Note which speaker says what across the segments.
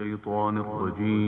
Speaker 1: الشيطان الرجيم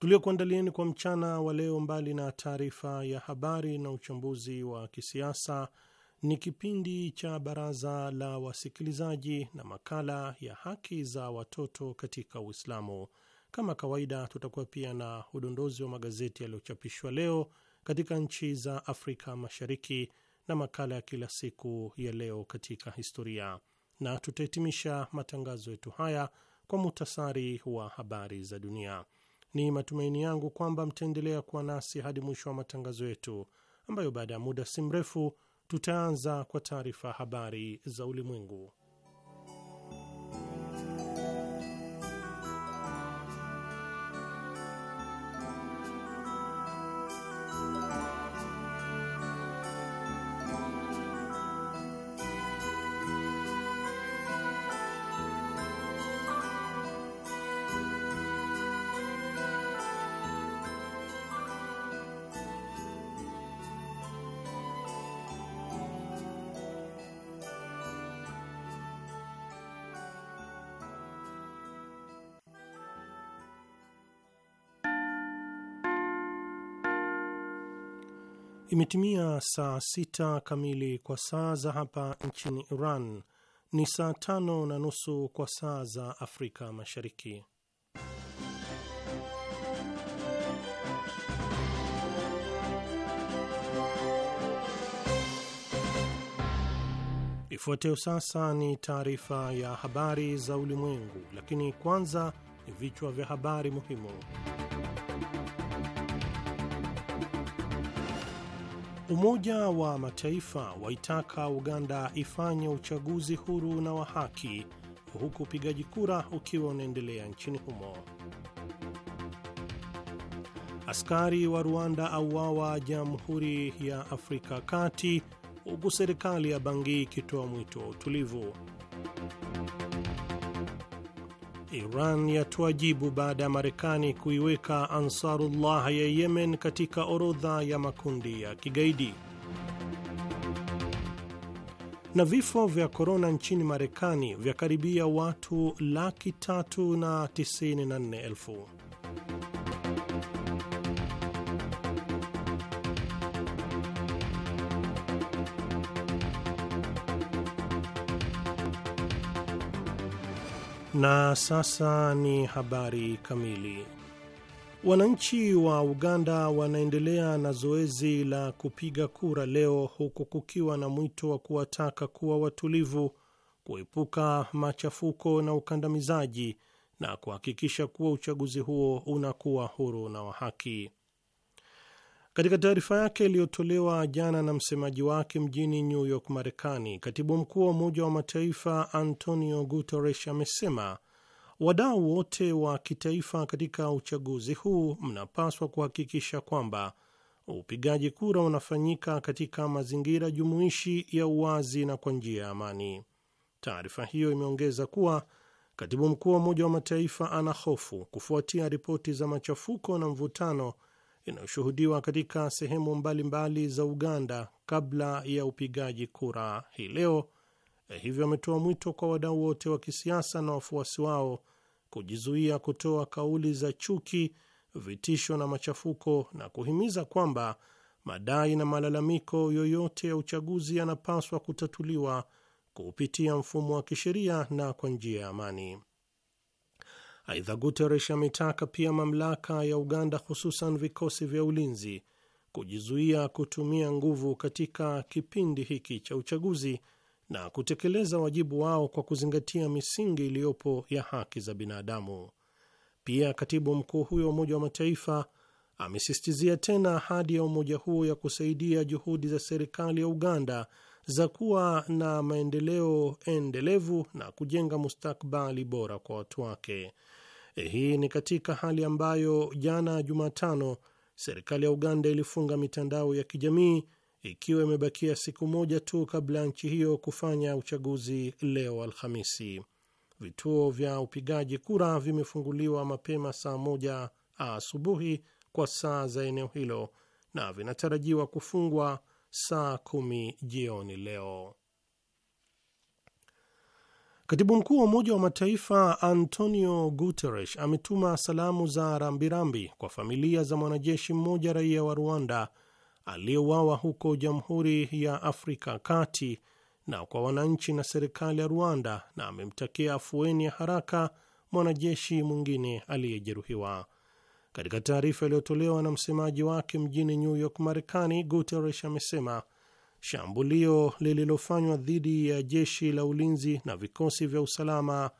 Speaker 2: tuliokuandalieni kwa mchana wa leo, mbali na taarifa ya habari na uchambuzi wa kisiasa, ni kipindi cha baraza la wasikilizaji na makala ya haki za watoto katika Uislamu. Kama kawaida, tutakuwa pia na udondozi wa magazeti yaliyochapishwa leo katika nchi za Afrika Mashariki na makala ya kila siku ya leo katika historia, na tutahitimisha matangazo yetu haya kwa muhtasari wa habari za dunia. Ni matumaini yangu kwamba mtaendelea kuwa nasi hadi mwisho wa matangazo yetu, ambayo baada ya muda si mrefu tutaanza kwa taarifa habari za ulimwengu. Imetimia saa sita kamili kwa saa za hapa nchini Iran, ni saa tano na nusu kwa saa za Afrika Mashariki. Ifuatayo sasa ni taarifa ya habari za ulimwengu, lakini kwanza ni vichwa vya habari muhimu. Umoja wa Mataifa waitaka Uganda ifanye uchaguzi huru na wa haki huku upigaji kura ukiwa unaendelea nchini humo. Askari wa Rwanda auawa Jamhuri ya Afrika Kati, huku serikali ya Bangi ikitoa mwito wa utulivu. Iran jibu baada ya Marekani kuiweka Ansarullah ya Yemen katika orodha ya makundi ya kigaidi. Na vifo vya korona nchini Marekani vyakaribia watu laki tatu na tisini na nne elfu. Na sasa ni habari kamili. Wananchi wa Uganda wanaendelea na zoezi la kupiga kura leo, huku kukiwa na mwito wa kuwataka kuwa watulivu, kuepuka machafuko na ukandamizaji na kuhakikisha kuwa uchaguzi huo unakuwa huru na wa haki. Katika taarifa yake iliyotolewa jana na msemaji wake mjini New York, Marekani, katibu mkuu wa Umoja wa Mataifa Antonio Guterres amesema wadau wote wa kitaifa katika uchaguzi huu mnapaswa kuhakikisha kwamba upigaji kura unafanyika katika mazingira jumuishi ya uwazi na kwa njia ya amani. Taarifa hiyo imeongeza kuwa katibu mkuu wa Umoja wa Mataifa ana hofu kufuatia ripoti za machafuko na mvutano inayoshuhudiwa katika sehemu mbalimbali mbali za Uganda kabla ya upigaji kura hii leo. Eh, hivyo ametoa mwito kwa wadau wote wa kisiasa na wafuasi wao kujizuia kutoa kauli za chuki, vitisho na machafuko, na kuhimiza kwamba madai na malalamiko yoyote ya uchaguzi yanapaswa kutatuliwa kupitia mfumo wa kisheria na kwa njia ya amani. Aidha, Guterres ametaka pia mamlaka ya Uganda, hususan vikosi vya ulinzi, kujizuia kutumia nguvu katika kipindi hiki cha uchaguzi na kutekeleza wajibu wao kwa kuzingatia misingi iliyopo ya haki za binadamu. Pia katibu mkuu huyo wa Umoja wa Mataifa amesistizia tena ahadi ya umoja huo ya kusaidia juhudi za serikali ya Uganda za kuwa na maendeleo endelevu na kujenga mustakbali bora kwa watu wake. Hii ni katika hali ambayo jana Jumatano serikali ya Uganda ilifunga mitandao ya kijamii ikiwa imebakia siku moja tu kabla ya nchi hiyo kufanya uchaguzi leo Alhamisi. Vituo vya upigaji kura vimefunguliwa mapema saa moja asubuhi kwa saa za eneo hilo na vinatarajiwa kufungwa saa kumi jioni leo. Katibu mkuu wa Umoja wa Mataifa Antonio Guterres ametuma salamu za rambirambi kwa familia za mwanajeshi mmoja raia wa Rwanda aliyeuawa huko Jamhuri ya Afrika Kati na kwa wananchi na serikali ya Rwanda, na amemtakia afueni ya haraka mwanajeshi mwingine aliyejeruhiwa. Katika taarifa iliyotolewa na msemaji wake mjini New York, Marekani, Guterres amesema shambulio lililofanywa dhidi ya jeshi la ulinzi na vikosi vya usalama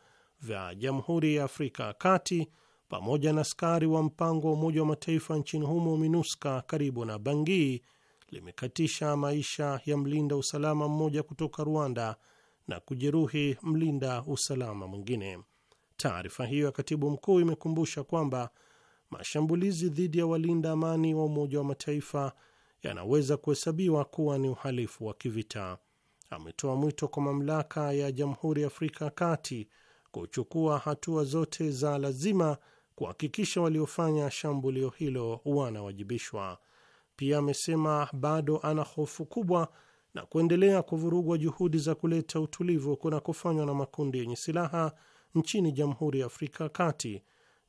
Speaker 2: vya Jamhuri ya Afrika ya Kati pamoja na askari wa mpango wa Umoja wa Mataifa nchini humo minuska karibu na Bangui limekatisha maisha ya mlinda usalama mmoja kutoka Rwanda na kujeruhi mlinda usalama mwingine. Taarifa hiyo ya katibu mkuu imekumbusha kwamba mashambulizi dhidi ya walinda amani wa Umoja wa Mataifa yanaweza kuhesabiwa kuwa ni uhalifu wa kivita. Ametoa mwito kwa mamlaka ya Jamhuri ya Afrika ya Kati kuchukua hatua zote za lazima kuhakikisha waliofanya shambulio hilo wanawajibishwa. Pia amesema bado ana hofu kubwa na kuendelea kuvurugwa juhudi za kuleta utulivu kunakofanywa na makundi yenye silaha nchini Jamhuri ya Afrika ya Kati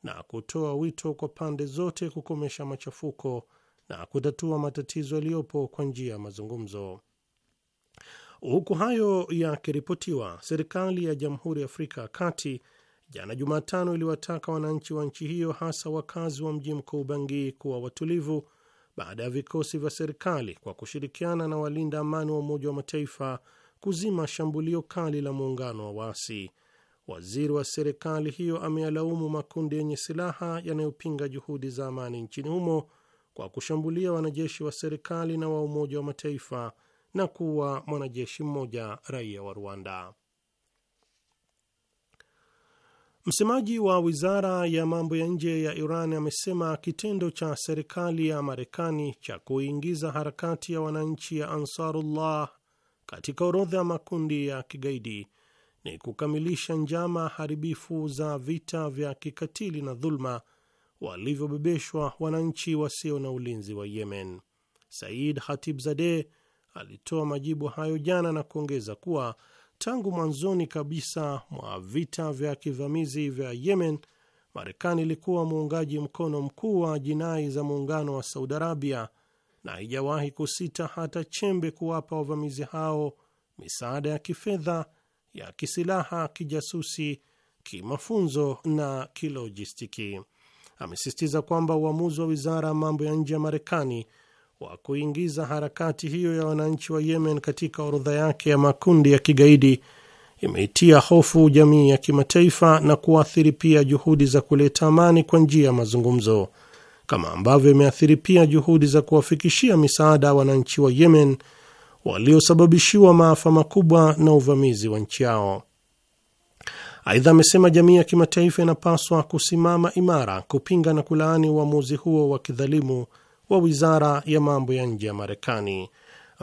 Speaker 2: na kutoa wito kwa pande zote kukomesha machafuko na kutatua matatizo yaliyopo kwa njia ya mazungumzo. Huku hayo yakiripotiwa, serikali ya Jamhuri ya Afrika ya Kati jana Jumatano iliwataka wananchi wa nchi hiyo, hasa wakazi wa mji mkuu Bangi, kuwa watulivu baada ya vikosi vya serikali kwa kushirikiana na walinda amani wa Umoja wa Mataifa kuzima shambulio kali la muungano wa waasi. Waziri wa serikali hiyo ameyalaumu makundi yenye silaha yanayopinga juhudi za amani nchini humo kwa kushambulia wanajeshi wa serikali na wa Umoja wa Mataifa na kuwa mwanajeshi mmoja raia wa Rwanda. Msemaji wa wizara ya mambo ya nje ya Iran amesema kitendo cha serikali ya Marekani cha kuingiza harakati ya wananchi ya Ansarullah katika orodha ya makundi ya kigaidi ni kukamilisha njama haribifu za vita vya kikatili na dhuluma walivyobebeshwa wananchi wasio na ulinzi wa Yemen. Said Hatibzadeh alitoa majibu hayo jana na kuongeza kuwa tangu mwanzoni kabisa mwa vita vya kivamizi vya Yemen, Marekani ilikuwa muungaji mkono mkuu wa jinai za muungano wa Saudi Arabia na haijawahi kusita hata chembe kuwapa wavamizi hao misaada ya kifedha, ya kisilaha, kijasusi, kimafunzo na kilojistiki amesisitiza kwamba uamuzi wa wizara ya mambo ya nje ya Marekani wa kuingiza harakati hiyo ya wananchi wa Yemen katika orodha yake ya makundi ya kigaidi imeitia hofu jamii ya kimataifa na kuathiri pia juhudi za kuleta amani kwa njia ya mazungumzo, kama ambavyo imeathiri pia juhudi za kuwafikishia misaada wananchi wa Yemen waliosababishiwa maafa makubwa na uvamizi wa nchi yao. Aidha amesema jamii ya kimataifa inapaswa kusimama imara kupinga na kulaani uamuzi huo wa kidhalimu wa wizara ya mambo ya nje ya Marekani.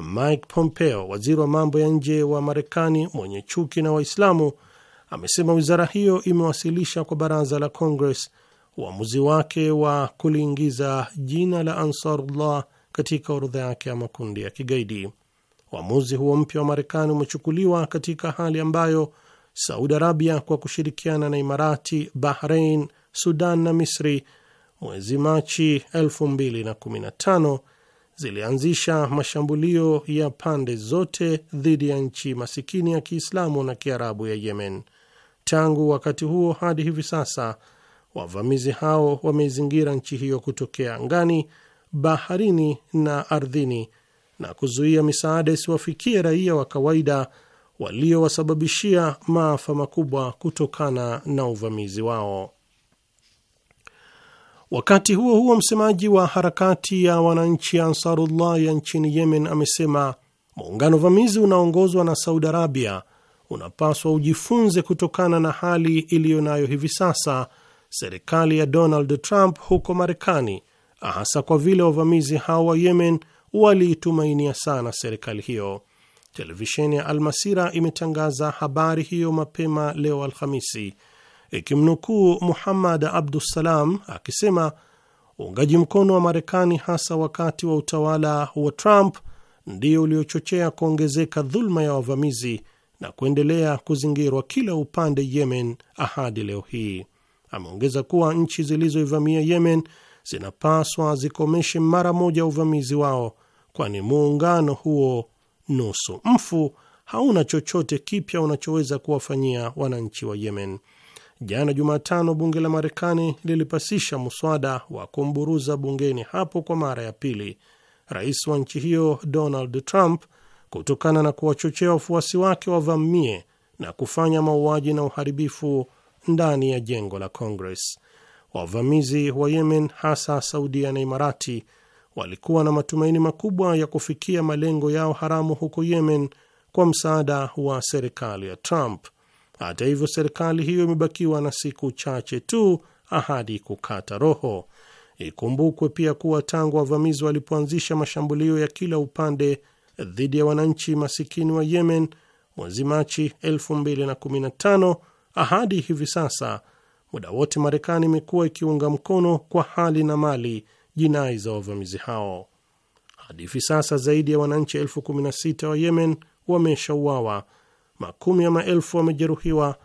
Speaker 2: Mike Pompeo, waziri wa mambo ya nje wa Marekani mwenye chuki na Waislamu, amesema wizara hiyo imewasilisha kwa baraza la Congress uamuzi wake wa kuliingiza jina la Ansarullah katika orodha yake ya makundi ya kigaidi. Uamuzi huo mpya wa Marekani umechukuliwa katika hali ambayo Saudi Arabia kwa kushirikiana na Imarati, Bahrain, Sudan na Misri mwezi Machi 2015 zilianzisha mashambulio ya pande zote dhidi ya nchi masikini ya Kiislamu na Kiarabu ya Yemen. Tangu wakati huo hadi hivi sasa wavamizi hao wameizingira nchi hiyo kutokea angani, baharini na ardhini na kuzuia misaada isiwafikie raia wa kawaida waliowasababishia maafa makubwa kutokana na uvamizi wao. Wakati huo huo, msemaji wa harakati ya wananchi Ansarullah ya nchini Yemen amesema muungano vamizi unaongozwa na Saudi Arabia unapaswa ujifunze kutokana na hali iliyo nayo hivi sasa serikali ya Donald Trump huko Marekani, hasa kwa vile wavamizi hao wa Yemen waliitumainia sana serikali hiyo. Televisheni ya Almasira imetangaza habari hiyo mapema leo Alhamisi, ikimnukuu Muhammad Abdusalam akisema uungaji mkono wa Marekani hasa wakati wa utawala wa Trump ndio uliochochea kuongezeka dhuluma ya wavamizi na kuendelea kuzingirwa kila upande Yemen ahadi leo hii. Ameongeza kuwa nchi zilizoivamia Yemen zinapaswa zikomeshe mara moja uvamizi wao, kwani muungano huo nusu mfu, hauna chochote kipya unachoweza kuwafanyia wananchi wa Yemen. Jana Jumatano, bunge la Marekani lilipasisha muswada wa kumburuza bungeni hapo kwa mara ya pili rais wa nchi hiyo Donald Trump kutokana na kuwachochea wafuasi wake wavamie na kufanya mauaji na uharibifu ndani ya jengo la Congress. Wavamizi wa Yemen, hasa Saudia na Imarati, walikuwa na matumaini makubwa ya kufikia malengo yao haramu huko Yemen kwa msaada wa serikali ya Trump. Hata hivyo, serikali hiyo imebakiwa na siku chache tu ahadi kukata roho. Ikumbukwe pia kuwa tangu wavamizi walipoanzisha mashambulio ya kila upande dhidi ya wananchi masikini wa Yemen mwezi Machi 2015 ahadi hivi sasa, muda wote Marekani imekuwa ikiunga mkono kwa hali na mali jinai za wavamizi hao. Hadi hivi sasa zaidi ya wananchi elfu kumi na sita wa Yemen wameshauawa, makumi ya maelfu wamejeruhiwa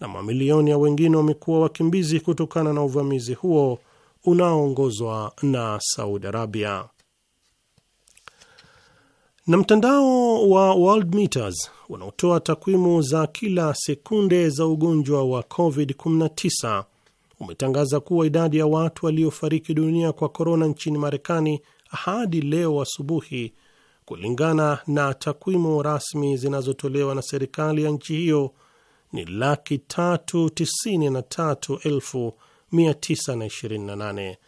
Speaker 2: na mamilioni ya wengine wamekuwa wakimbizi kutokana na uvamizi huo unaoongozwa na Saudi Arabia. Na mtandao wa World Meters unaotoa takwimu za kila sekunde za ugonjwa wa COVID-19 umetangaza kuwa idadi ya watu waliofariki dunia kwa korona nchini Marekani hadi leo asubuhi, kulingana na takwimu rasmi zinazotolewa na serikali ya nchi hiyo ni laki tatu tisini na tatu elfu mia tisa na ishirini na nane.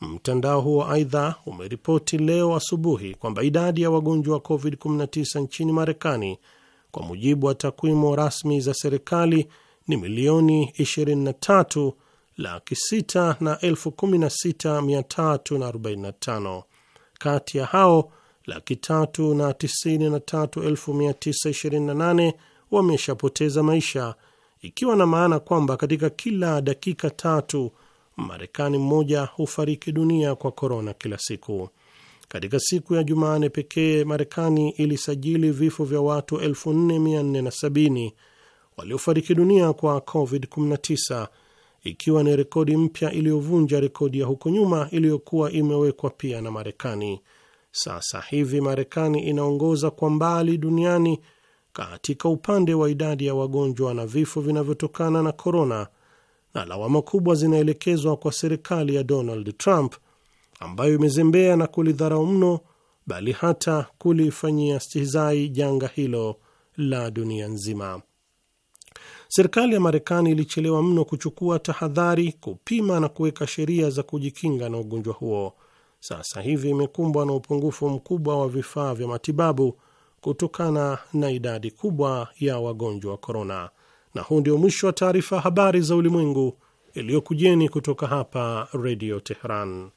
Speaker 2: Mtandao huo aidha umeripoti leo asubuhi kwamba idadi ya wagonjwa wa COVID-19 nchini Marekani kwa mujibu wa takwimu rasmi za serikali ni milioni 23 laki sita na elfu kumi na sita mia tatu na arobaini na tano. Kati ya hao laki tatu na tisini na tatu elfu mia tisa ishirini na nane wameshapoteza maisha, ikiwa na maana kwamba katika kila dakika tatu Marekani mmoja hufariki dunia kwa korona kila siku. Katika siku ya Jumane pekee Marekani ilisajili vifo vya watu 4470 waliofariki dunia kwa COVID-19 ikiwa ni rekodi mpya iliyovunja rekodi ya huko nyuma iliyokuwa imewekwa pia na Marekani. Sasa hivi Marekani inaongoza kwa mbali duniani katika upande wa idadi ya wagonjwa na vifo vinavyotokana na korona, na lawama kubwa zinaelekezwa kwa serikali ya Donald Trump ambayo imezembea na kulidharau mno, bali hata kulifanyia stihizai janga hilo la dunia nzima. Serikali ya Marekani ilichelewa mno kuchukua tahadhari, kupima na kuweka sheria za kujikinga na ugonjwa huo. Sasa hivi imekumbwa na upungufu mkubwa wa vifaa vya matibabu kutokana na idadi kubwa ya wagonjwa wa korona. Na huu ndio mwisho wa taarifa habari za ulimwengu iliyokujeni kutoka hapa Redio Teheran.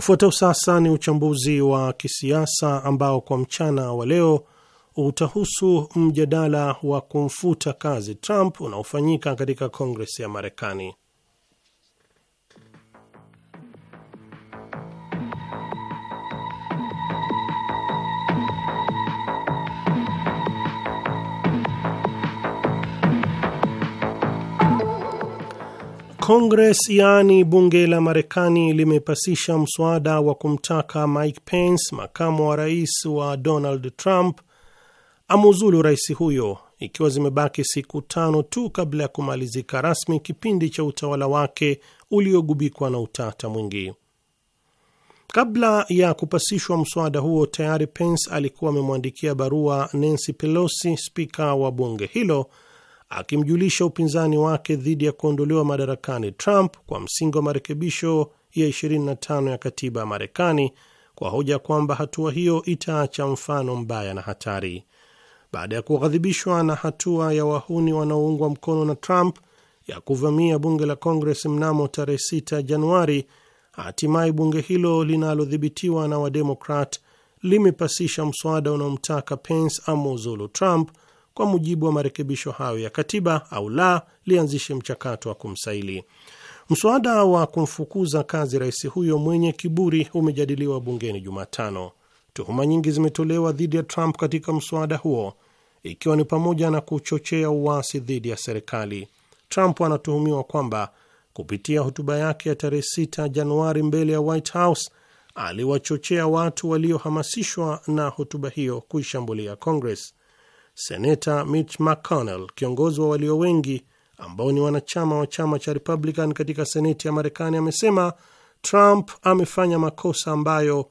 Speaker 2: Ufuatao sasa ni uchambuzi wa kisiasa ambao kwa mchana wa leo utahusu mjadala wa kumfuta kazi Trump unaofanyika katika Kongres ya Marekani. Congress yaani bunge la Marekani limepasisha mswada wa kumtaka Mike Pence, makamu wa rais wa Donald Trump, amuuzulu rais huyo, ikiwa zimebaki siku tano tu kabla ya kumalizika rasmi kipindi cha utawala wake uliogubikwa na utata mwingi. Kabla ya kupasishwa mswada huo, tayari Pence alikuwa amemwandikia barua Nancy Pelosi, spika wa bunge hilo akimjulisha upinzani wake dhidi ya kuondolewa madarakani Trump kwa msingi wa marekebisho ya 25 ya katiba ya Marekani kwa hoja kwamba hatua hiyo itaacha mfano mbaya na hatari. Baada ya kughadhibishwa na hatua ya wahuni wanaoungwa mkono na Trump ya kuvamia bunge la Congress mnamo tarehe 6 Januari, hatimaye bunge hilo linalodhibitiwa na Wademokrat limepasisha mswada unaomtaka Pence amuuzulu Trump kwa mujibu wa marekebisho hayo ya katiba au la lianzishe mchakato wa kumsaili. Mswada wa kumfukuza kazi rais huyo mwenye kiburi umejadiliwa bungeni Jumatano. Tuhuma nyingi zimetolewa dhidi ya Trump katika mswada huo, ikiwa ni pamoja na kuchochea uasi dhidi ya serikali. Trump anatuhumiwa kwamba kupitia hotuba yake ya tarehe 6 Januari mbele ya White House aliwachochea watu waliohamasishwa na hotuba hiyo kuishambulia Congress. Seneta Mitch McConnell, kiongozi wa walio wengi ambao ni wanachama wa chama cha Republican katika seneti ya Marekani, amesema Trump amefanya makosa ambayo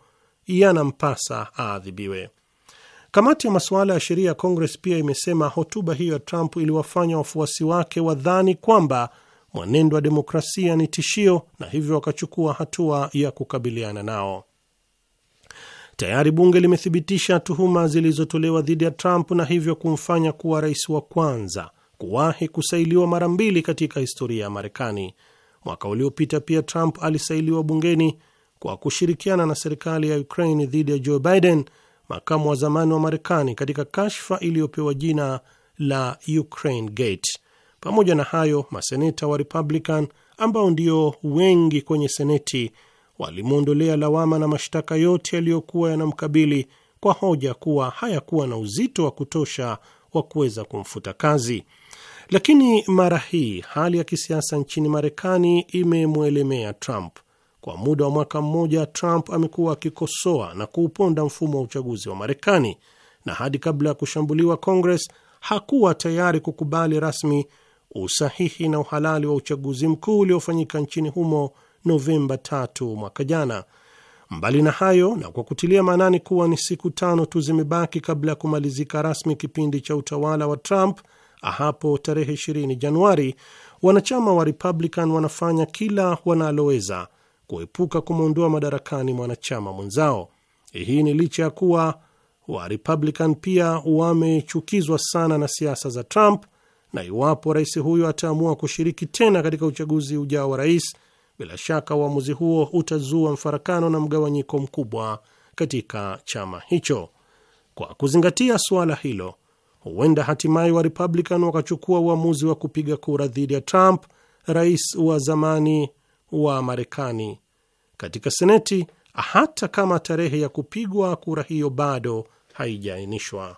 Speaker 2: yanampasa aadhibiwe. Kamati ya masuala ya sheria ya Congress pia imesema hotuba hiyo ya Trump iliwafanya wafuasi wake wadhani kwamba mwenendo wa demokrasia ni tishio na hivyo wakachukua hatua ya kukabiliana nao. Tayari bunge limethibitisha tuhuma zilizotolewa dhidi ya Trump na hivyo kumfanya kuwa rais wa kwanza kuwahi kusailiwa mara mbili katika historia ya Marekani. Mwaka uliopita pia Trump alisailiwa bungeni kwa kushirikiana na serikali ya Ukraine dhidi ya Joe Biden, makamu wa zamani wa Marekani, katika kashfa iliyopewa jina la Ukraine Gate. Pamoja na hayo, maseneta wa Republican ambao ndio wengi kwenye Seneti walimwondolea lawama na mashtaka yote yaliyokuwa yanamkabili kwa hoja kuwa hayakuwa na uzito wa kutosha wa kuweza kumfuta kazi. Lakini mara hii hali ya kisiasa nchini Marekani imemwelemea Trump. Kwa muda wa mwaka mmoja, Trump amekuwa akikosoa na kuuponda mfumo wa uchaguzi wa Marekani, na hadi kabla ya kushambuliwa Congress hakuwa tayari kukubali rasmi usahihi na uhalali wa uchaguzi mkuu uliofanyika nchini humo Novemba 3 mwaka jana. Mbali na hayo, na kwa kutilia maanani kuwa ni siku tano tu zimebaki kabla ya kumalizika rasmi kipindi cha utawala wa Trump ah, hapo tarehe 20 Januari, wanachama wa Republican wanafanya kila wanaloweza kuepuka kumwondoa madarakani mwanachama mwenzao. Hii ni licha ya kuwa wa Republican pia wamechukizwa sana na siasa za Trump, na iwapo rais huyo ataamua kushiriki tena katika uchaguzi ujao wa rais bila shaka uamuzi huo utazua mfarakano na mgawanyiko mkubwa katika chama hicho. Kwa kuzingatia suala hilo, huenda hatimaye wa Republican wakachukua uamuzi wa kupiga kura dhidi ya Trump, rais wa zamani wa Marekani, katika Seneti, hata kama tarehe ya kupigwa kura hiyo bado haijaainishwa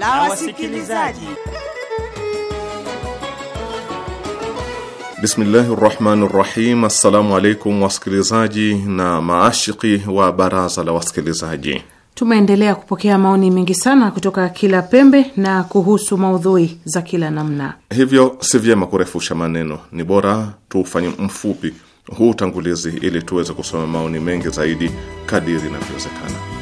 Speaker 3: la wasikilizaji.
Speaker 4: Bismillahi rahmani rahim. Assalamu alaikum wasikilizaji na maashiki wa baraza la wasikilizaji.
Speaker 5: Tumeendelea kupokea maoni mengi sana kutoka kila pembe na kuhusu maudhui za kila namna,
Speaker 4: hivyo si vyema kurefusha maneno, ni bora tuufanye mfupi huu utangulizi ili tuweze kusoma maoni mengi zaidi kadiri inavyowezekana.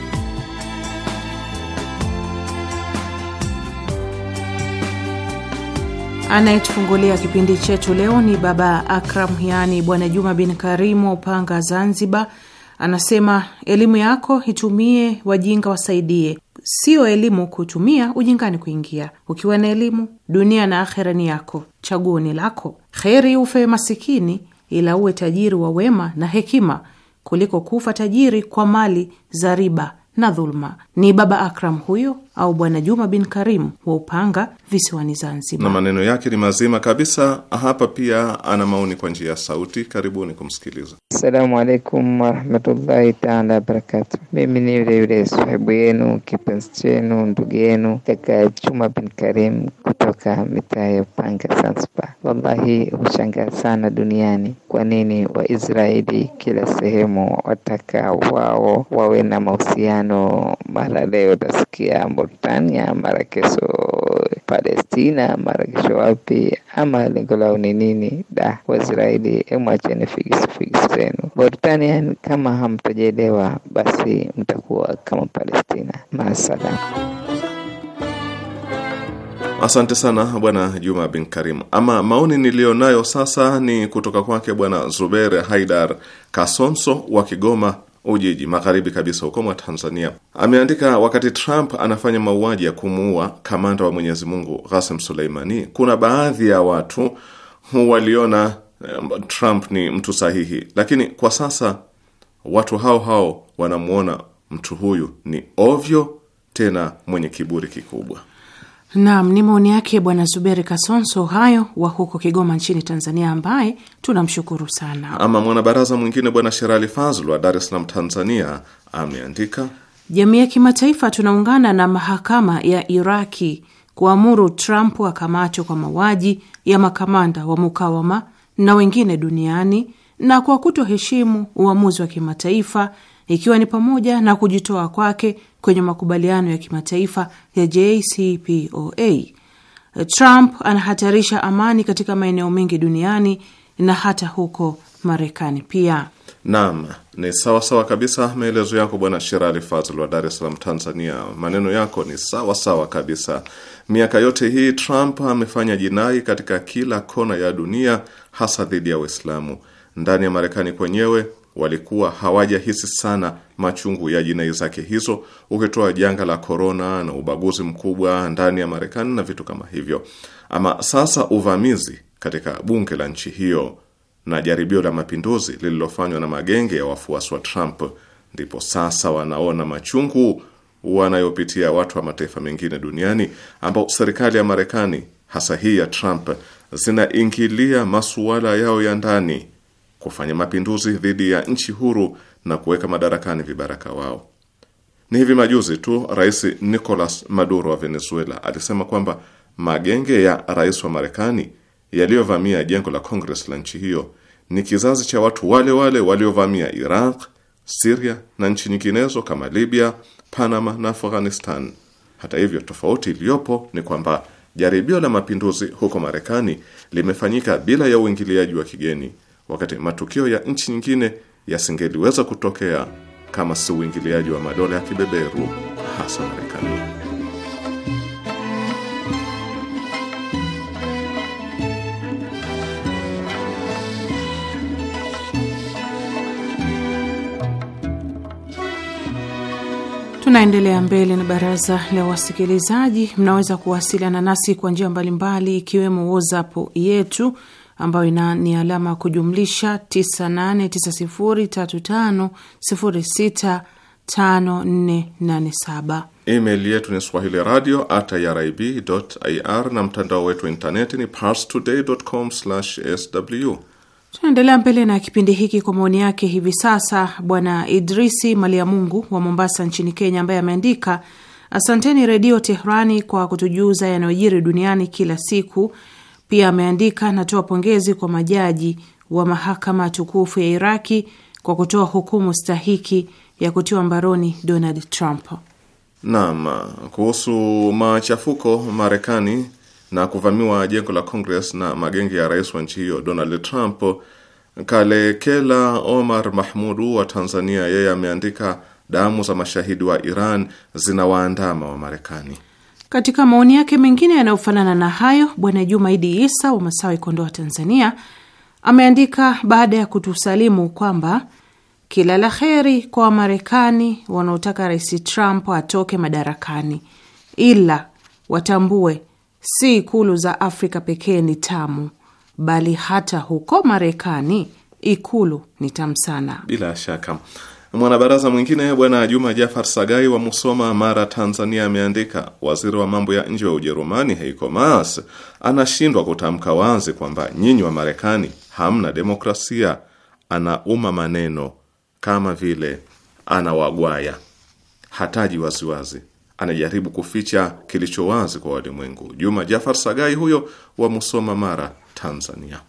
Speaker 5: Anayetufungulia kipindi chetu leo ni Baba Akram, yaani Bwana Juma bin Karimu wa Upanga, Zanzibar. Anasema elimu yako itumie, wajinga wasaidie, siyo elimu kutumia ujingani kuingia. Ukiwa na elimu, dunia na akhera ni yako, chaguo ni lako. Kheri ufe masikini, ila uwe tajiri wa wema na hekima, kuliko kufa tajiri kwa mali za riba na dhuluma. Ni Baba Akram huyo au Bwana Juma bin Karim wa Upanga visiwani Zanzibar, na
Speaker 4: maneno yake ni mazima kabisa. Hapa pia ana maoni kwa njia ya sauti, karibuni kumsikiliza.
Speaker 3: Assalamu alaikum warahmatullahi taala wabarakatu. Mimi ni yule yule sahibu yenu kipenzi chenu ndugu yenu kaka Juma bin Karim kutoka mitaa ya Upanga Zanzibar.
Speaker 6: Wallahi hushangaa sana duniani kwa nini Waisraeli kila
Speaker 3: sehemu wataka wao wawe na mahusiano, mara leo utasikia Jordania, mara kesho Palestina, mara kesho wapi? Ama
Speaker 6: lengo lao ni nini? Da, Waisraeli, emwacheni figisi figisi zenu. Jordania, kama hamtojelewa basi mtakuwa kama Palestina. Maasalam.
Speaker 4: Asante sana Bwana Juma bin Karim. Ama maoni nayo sasa ni kutoka kwake Bwana Zuber Haidar Kasonso wa Kigoma, Ujiji, magharibi kabisa huko mwa Tanzania. Ameandika, wakati Trump anafanya mauaji ya kumuua kamanda wa Mwenyezi Mungu suleimani kuna baadhi ya watu waliona eh, Trump ni mtu sahihi, lakini kwa sasa watu hao hao wanamwona mtu huyu ni ovyo, tena mwenye kiburi kikubwa.
Speaker 5: Naam, ni maoni yake Bwana Zuberi Kasonso hayo wa huko Kigoma nchini Tanzania, ambaye tunamshukuru sana.
Speaker 4: Ama mwanabaraza mwingine Bwana Sherali Fazl wa Dar es Salaam, Tanzania, ameandika
Speaker 5: jamii ya kimataifa tunaungana na mahakama ya Iraki kuamuru Trump akamatwe kwa mauaji ya makamanda wa mukawama na wengine duniani na kwa kutoheshimu uamuzi wa kimataifa ikiwa ni pamoja na kujitoa kwake kwenye makubaliano ya kimataifa ya JCPOA. Trump anahatarisha amani katika maeneo mengi duniani na hata huko Marekani pia.
Speaker 4: Naam, ni sawa sawa kabisa maelezo yako Bwana Shirali Fazl wa Dar es Salaam, Tanzania. Maneno yako ni sawa sawa kabisa. Miaka yote hii Trump amefanya jinai katika kila kona ya dunia, hasa dhidi ya Waislamu. Ndani ya Marekani kwenyewe walikuwa hawajahisi sana machungu ya jinai zake hizo, ukitoa janga la korona na ubaguzi mkubwa ndani ya Marekani na vitu kama hivyo. Ama sasa uvamizi katika bunge la nchi hiyo na jaribio la mapinduzi lililofanywa na magenge ya wafuasi wa Trump, ndipo sasa wanaona machungu wanayopitia watu wa mataifa mengine duniani ambao serikali ya Marekani hasa hii ya Trump zinaingilia masuala yao ya ndani kufanya mapinduzi dhidi ya nchi huru na kuweka madarakani vibaraka wao. Ni hivi majuzi tu Rais Nicolas Maduro wa Venezuela alisema kwamba magenge ya rais wa Marekani yaliyovamia jengo la Congress la nchi hiyo ni kizazi cha watu wale wale waliovamia Iraq, Siria na nchi nyinginezo kama Libya, Panama na Afghanistan. Hata hivyo, tofauti iliyopo ni kwamba jaribio la mapinduzi huko Marekani limefanyika bila ya uingiliaji wa kigeni wakati matukio ya nchi nyingine yasingeliweza kutokea kama si uingiliaji wa madola ya kibeberu hasa Marekani.
Speaker 5: Tunaendelea mbele na baraza la wasikilizaji. Mnaweza kuwasiliana nasi kwa njia mbalimbali, ikiwemo WhatsApp yetu ambayo ina ni alama ya kujumlisha 989035065487.
Speaker 4: Email yetu ni swahili radio at irib ir, na mtandao wetu wa intaneti ni parstoday.com/sw.
Speaker 5: Tunaendelea mbele na kipindi hiki kwa maoni yake hivi sasa, Bwana Idrisi Malia Mungu wa Mombasa nchini Kenya, ambaye ameandika asanteni Redio Tehrani kwa kutujuza yanayojiri duniani kila siku pia ameandika anatoa pongezi kwa majaji wa mahakama tukufu ya Iraki kwa kutoa hukumu stahiki ya kutiwa mbaroni Donald Trump.
Speaker 4: Naam, kuhusu machafuko Marekani na kuvamiwa jengo la Congress na magenge ya rais wa nchi hiyo Donald Trump, Kalekela Omar Mahmudu wa Tanzania, yeye ameandika damu za mashahidi wa Iran zinawaandama wa Marekani.
Speaker 5: Katika maoni yake mengine yanayofanana na hayo, Bwana Jumaidi Isa wa Masawi, Kondoa, Tanzania, ameandika baada ya kutusalimu kwamba kila la heri kwa Wamarekani wanaotaka Rais Trump atoke madarakani, ila watambue si ikulu za Afrika pekee ni tamu, bali hata huko Marekani ikulu ni tamu sana.
Speaker 4: Bila shaka Mwanabaraza mwingine bwana Juma Jafar Sagai wa Musoma, Mara, Tanzania, ameandika waziri wa mambo ya nje wa Ujerumani Heiko Maas anashindwa kutamka wazi kwamba nyinyi wa Marekani hamna demokrasia. Anauma maneno kama vile anawagwaya, hataji waziwazi, anajaribu kuficha kilicho wazi kwa walimwengu. Juma Jafar Sagai huyo wa Musoma, Mara, Tanzania.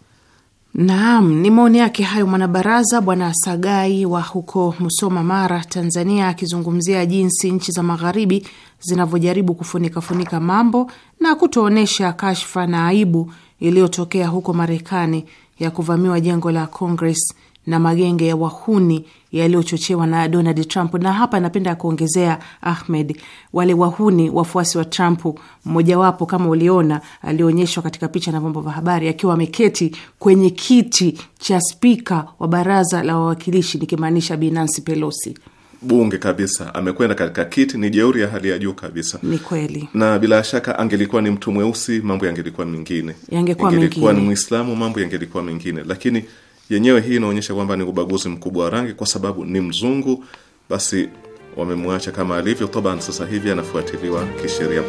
Speaker 5: Naam, ni maoni yake hayo mwanabaraza Bwana Sagai wa huko Musoma, Mara, Tanzania, akizungumzia jinsi nchi za Magharibi zinavyojaribu kufunikafunika mambo na kutoonyesha kashfa na aibu iliyotokea huko Marekani ya kuvamiwa jengo la Congress na magenge ya wahuni yaliyochochewa na Donald Trump. Na hapa napenda kuongezea Ahmed, wale wahuni wafuasi wa Trump, mmojawapo kama uliona alionyeshwa katika picha na vyombo vya habari akiwa ameketi kwenye kiti cha spika wa baraza la wawakilishi, nikimaanisha Bi Nancy Pelosi
Speaker 4: bunge kabisa, amekwenda katika kiti. Ni jeuri ya hali ya juu kabisa. Ni kweli, na bila shaka angelikuwa ni mtu mweusi, mambo yangelikuwa mengine. Yangelikuwa ni Mwislamu, mambo yangelikuwa mengine, lakini yenyewe hii inaonyesha kwamba ni ubaguzi mkubwa wa rangi, kwa sababu ni mzungu, basi wamemwacha kama alivyo. Toban sasa hivi anafuatiliwa kisheria.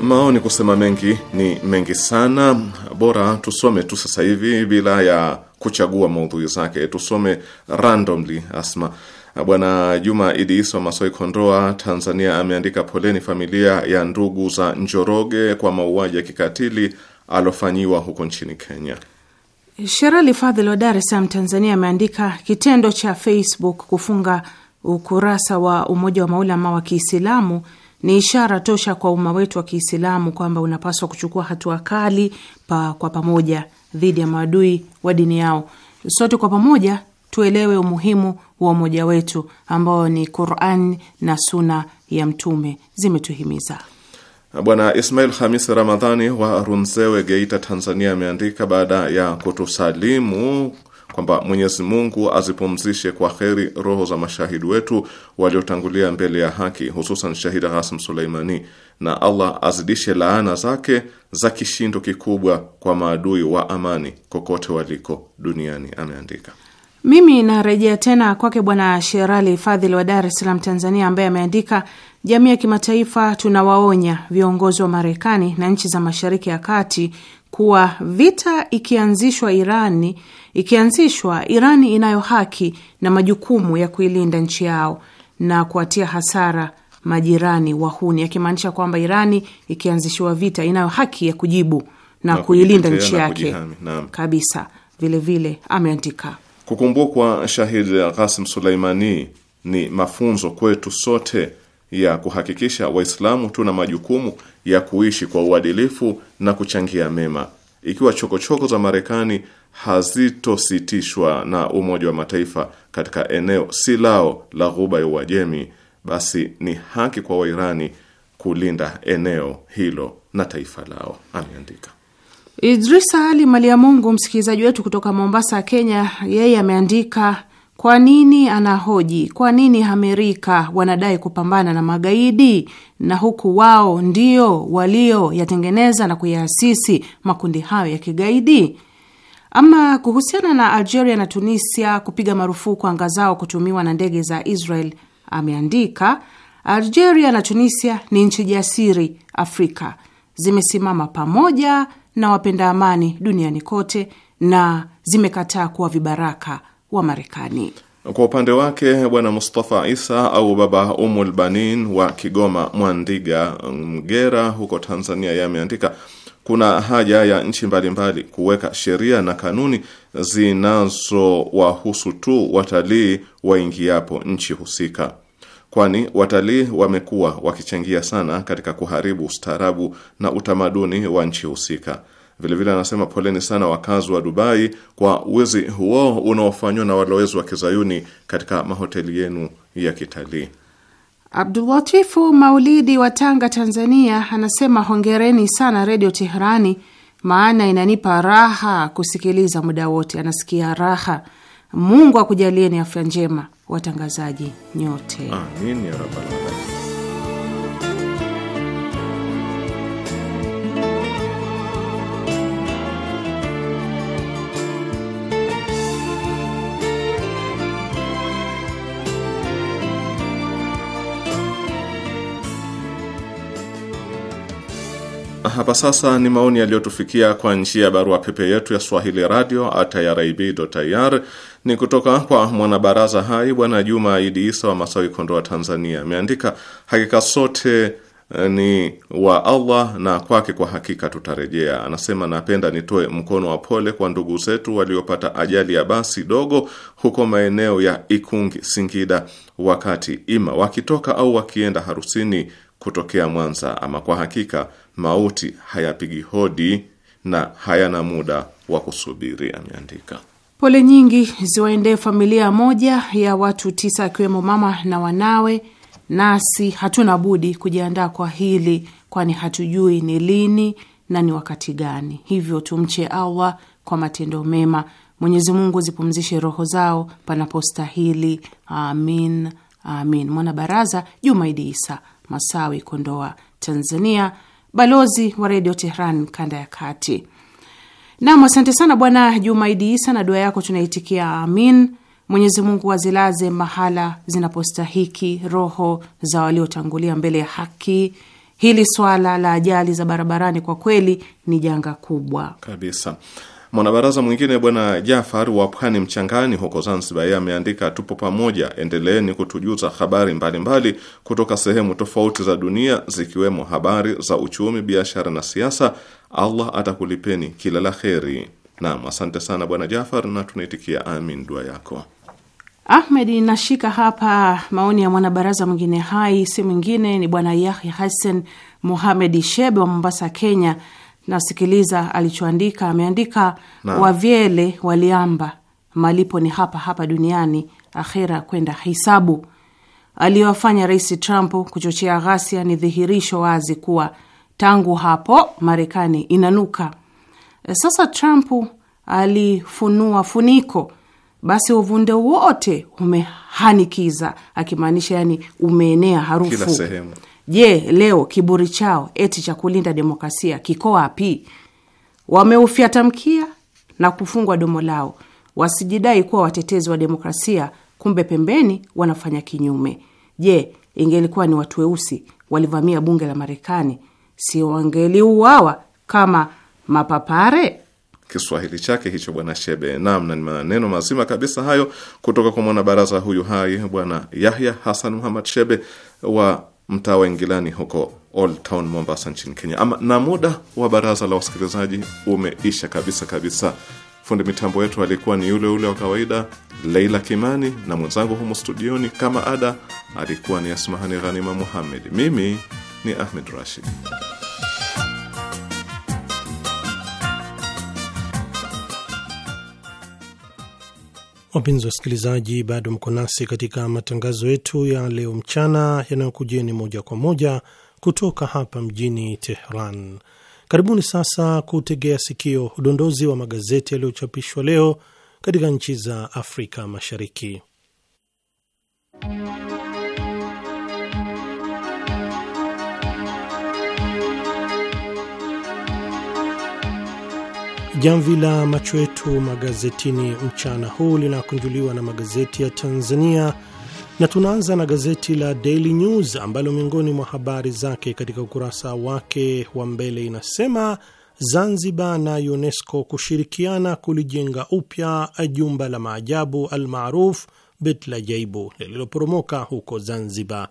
Speaker 4: Maoni kusema mengi ni mengi sana, bora tusome tu sasa hivi bila ya kuchagua maudhui zake. Tusome randomly. Asma Bwana Juma Idi Masoi, Kondoa, Tanzania, ameandika poleni familia ya ndugu za Njoroge kwa mauaji ya kikatili alofanyiwa huko nchini Kenya.
Speaker 5: Sherali Fadhil wa Dar es Salaam, Tanzania, ameandika kitendo cha Facebook kufunga ukurasa wa Umoja wa Maulama wa Kiislamu ni ishara tosha kwa umma wetu wa Kiislamu kwamba unapaswa kuchukua hatua kali pa, kwa pamoja dhidi ya maadui wa dini yao. Sote kwa pamoja tuelewe umuhimu wa umoja wetu ambao ni Qurani na Suna ya Mtume zimetuhimiza.
Speaker 4: Bwana Ismail Hamis Ramadhani wa Runzewe, Geita, Tanzania, ameandika baada ya kutusalimu kwamba Mwenyezi Mungu azipumzishe kwa kheri roho za mashahidi wetu waliotangulia mbele ya haki, hususan shahida Qasim Suleimani, na Allah azidishe laana zake za kishindo kikubwa kwa maadui wa amani kokote waliko duniani, ameandika.
Speaker 5: Mimi narejea tena kwake Bwana Sherali Fadhili wa Dar es Salaam, Tanzania, ambaye ameandika: jamii ya kimataifa, tunawaonya viongozi wa Marekani na nchi za Mashariki ya Kati kuwa vita ikianzishwa Irani Ikianzishwa, Irani inayo haki na majukumu ya kuilinda nchi yao na kuwatia hasara majirani wahuni, akimaanisha kwamba Irani ikianzishiwa vita inayo haki ya kujibu na, na kuilinda nchi yake kabisa. Vilevile ameandika
Speaker 4: kukumbukwa shahid Qasim Suleimani ni mafunzo kwetu sote ya kuhakikisha Waislamu tuna majukumu ya kuishi kwa uadilifu na kuchangia mema ikiwa chokochoko za Marekani hazitositishwa na Umoja wa Mataifa katika eneo si lao la Ghuba ya Uajemi, basi ni haki kwa Wairani kulinda eneo hilo na taifa lao, ameandika
Speaker 5: Idrisa Ali Maliamungu, msikilizaji wetu kutoka Mombasa, Kenya. Yeye ameandika kwa nini anahoji, kwa nini Amerika wanadai kupambana na magaidi na huku wao ndio walioyatengeneza na kuyaasisi makundi hayo ya kigaidi? Ama kuhusiana na Algeria na Tunisia kupiga marufuku anga zao kutumiwa na ndege za Israel, ameandika Algeria na Tunisia ni nchi jasiri Afrika, zimesimama pamoja na wapenda amani duniani kote na zimekataa kuwa vibaraka wa Marekani.
Speaker 4: Kwa upande wake Bwana Mustafa Isa au Baba Umul Banin wa Kigoma Mwandiga, Mgera huko Tanzania, yameandika kuna haja ya nchi mbalimbali kuweka sheria na kanuni zinazowahusu tu watalii waingiapo nchi husika, kwani watalii wamekuwa wakichangia sana katika kuharibu ustaarabu na utamaduni wa nchi husika. Vilevile anasema poleni sana wakazi wa Dubai kwa wizi huo unaofanywa na walowezi wa kizayuni katika mahoteli yenu ya kitalii.
Speaker 5: Abdulatifu Maulidi wa Tanga, Tanzania, anasema hongereni sana Redio Teherani, maana inanipa raha kusikiliza muda wote, anasikia raha. Mungu akujalieni afya njema watangazaji nyote,
Speaker 4: amin ya rabbal alamin. Hapa sasa ni maoni yaliyotufikia kwa njia ya barua pepe yetu ya swahili radio irib.ir. Ni kutoka kwa mwanabaraza hai Bwana Juma Idi Isa wa Masawi, Kondoa, Tanzania. Ameandika, hakika sote eh, ni wa Allah na kwake kwa hakika tutarejea. Anasema, napenda nitoe mkono wa pole kwa ndugu zetu waliopata ajali ya basi dogo huko maeneo ya Ikungi, Singida, wakati ima wakitoka au wakienda harusini kutokea Mwanza. Ama kwa hakika mauti hayapigi hodi na hayana muda wa kusubiri, ameandika.
Speaker 5: Pole nyingi ziwaendee familia moja ya watu tisa, akiwemo mama na wanawe. Nasi hatuna budi kujiandaa kwa hili, kwani hatujui ni lini na ni wakati gani. Hivyo tumche Allah kwa matendo mema. Mwenyezi Mungu zipumzishe roho zao panapostahili. Amin, amin. Mwana baraza Jumaidi Isa Masawi, Kondoa, Tanzania, balozi wa Redio Tehran kanda ya kati. Nam, asante sana Bwana Jumaidi Isa, na dua yako tunaitikia amin. Mwenyezi Mungu mahala zinapostahiki roho za waliotangulia mbele ya haki. Hili swala la ajali za barabarani kwa kweli ni janga kubwa
Speaker 4: kabisa. Mwanabaraza mwingine bwana Jafar wa Pwani Mchangani huko Zanzibar, yeye ameandika tupo pamoja, endeleeni kutujuza habari mbalimbali mbali kutoka sehemu tofauti za dunia zikiwemo habari za uchumi, biashara na siasa. Allah atakulipeni kila la kheri. Naam, asante sana bwana Jafar na tunaitikia amin dua yako.
Speaker 5: Ahmed, nashika hapa maoni ya mwanabaraza mwingine hai, si mwingine ni bwana Yahya Hassan Muhamedi Shebe wa Mombasa, Kenya nasikiliza alichoandika. Ameandika na, wavyele waliamba, malipo ni hapa hapa duniani, akhera kwenda hisabu. Aliyowafanya Rais Trump kuchochea ghasia ni dhihirisho wazi kuwa tangu hapo Marekani inanuka. Sasa Trump alifunua funiko, basi uvunde wote umehanikiza, akimaanisha yani umeenea harufu kila sehemu. Je, leo kiburi chao eti cha kulinda demokrasia kiko wapi? Wameufyatamkia na kufungwa domo lao, wasijidai kuwa watetezi wa demokrasia, kumbe pembeni wanafanya kinyume. Je, ingelikuwa ni watu weusi walivamia bunge la Marekani, si wangeliuawa kama mapapare?
Speaker 4: Kiswahili chake hicho Bwana Shebe. Naam, na ni maneno mazima kabisa hayo kutoka kwa mwanabaraza huyu hai Bwana Yahya Hasan Muhamad Shebe wa mtaa wa Ingilani huko Old Town Mombasa nchini Kenya. Ama, na muda wa baraza la wasikilizaji umeisha kabisa kabisa. Fundi mitambo yetu alikuwa ni yule yule wa kawaida Leila Kimani, na mwenzangu humo studioni kama ada alikuwa ni Asmahani Ghanima Muhammed. Mimi ni Ahmed Rashid.
Speaker 2: Wapenzi wa wasikilizaji, bado mko nasi katika matangazo yetu ya leo mchana yanayokujieni moja kwa moja kutoka hapa mjini Tehran. Karibuni sasa kutegea sikio udondozi wa magazeti yaliyochapishwa leo katika nchi za Afrika Mashariki. Jamvi la macho yetu magazetini mchana huu linakunjuliwa na magazeti ya Tanzania na tunaanza na gazeti la Daily News ambalo miongoni mwa habari zake katika ukurasa wake wa mbele inasema Zanzibar na UNESCO kushirikiana kulijenga upya jumba la maajabu almaruf Betlajaibu lililoporomoka huko Zanzibar.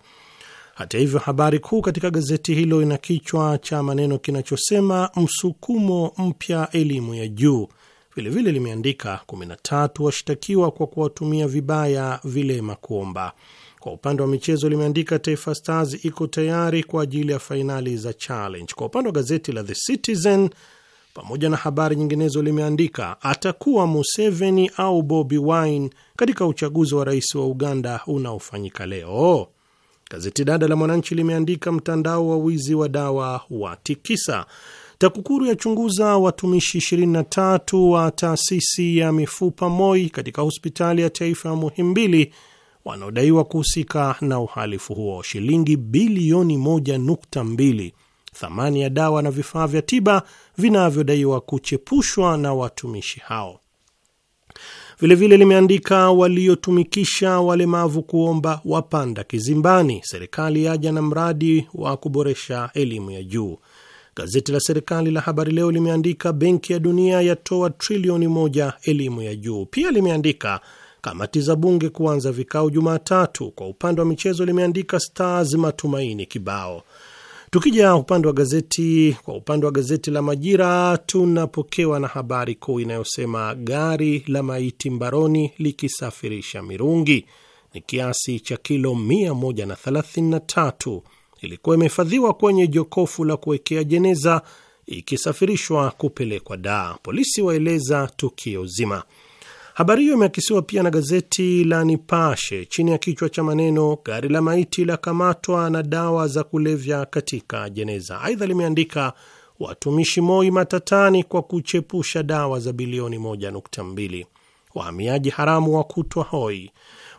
Speaker 2: Hata hivyo, habari kuu katika gazeti hilo ina kichwa cha maneno kinachosema msukumo mpya elimu ya juu. Vilevile limeandika 13 washtakiwa kwa kuwatumia vibaya vilema kuomba. Kwa upande wa michezo limeandika Taifa Stars iko tayari kwa ajili ya fainali za Challenge. Kwa upande wa gazeti la The Citizen pamoja na habari nyinginezo limeandika atakuwa Museveni au Bobi Wine katika uchaguzi wa rais wa Uganda unaofanyika leo. Gazeti dada la Mwananchi limeandika mtandao wa wizi wa dawa wa tikisa. TAKUKURU yachunguza watumishi 23 wa taasisi ya mifupa MOI katika hospitali ya taifa ya Muhimbili wanaodaiwa kuhusika na uhalifu huo. Shilingi bilioni 1.2 thamani ya dawa na vifaa vya tiba vinavyodaiwa kuchepushwa na watumishi hao. Vilevile limeandika waliotumikisha walemavu kuomba wapanda kizimbani, serikali yaja na mradi wa kuboresha elimu ya juu. Gazeti la serikali la Habari Leo limeandika Benki ya Dunia yatoa trilioni moja elimu ya juu. Pia limeandika kamati za bunge kuanza vikao Jumatatu. Kwa upande wa michezo limeandika Stars matumaini kibao. Tukija upande wa gazeti, kwa upande wa gazeti la Majira tunapokewa na habari kuu inayosema gari la maiti mbaroni likisafirisha mirungi ni kiasi cha kilo 133 ilikuwa imehifadhiwa kwenye jokofu la kuwekea jeneza ikisafirishwa kupelekwa Daa. Polisi waeleza tukio zima. Habari hiyo imeakisiwa pia na gazeti la Nipashe chini ya kichwa cha maneno gari la maiti la kamatwa na dawa za kulevya katika jeneza. Aidha limeandika watumishi MOI matatani kwa kuchepusha dawa za bilioni 1.2, wahamiaji haramu wakutwa hoi,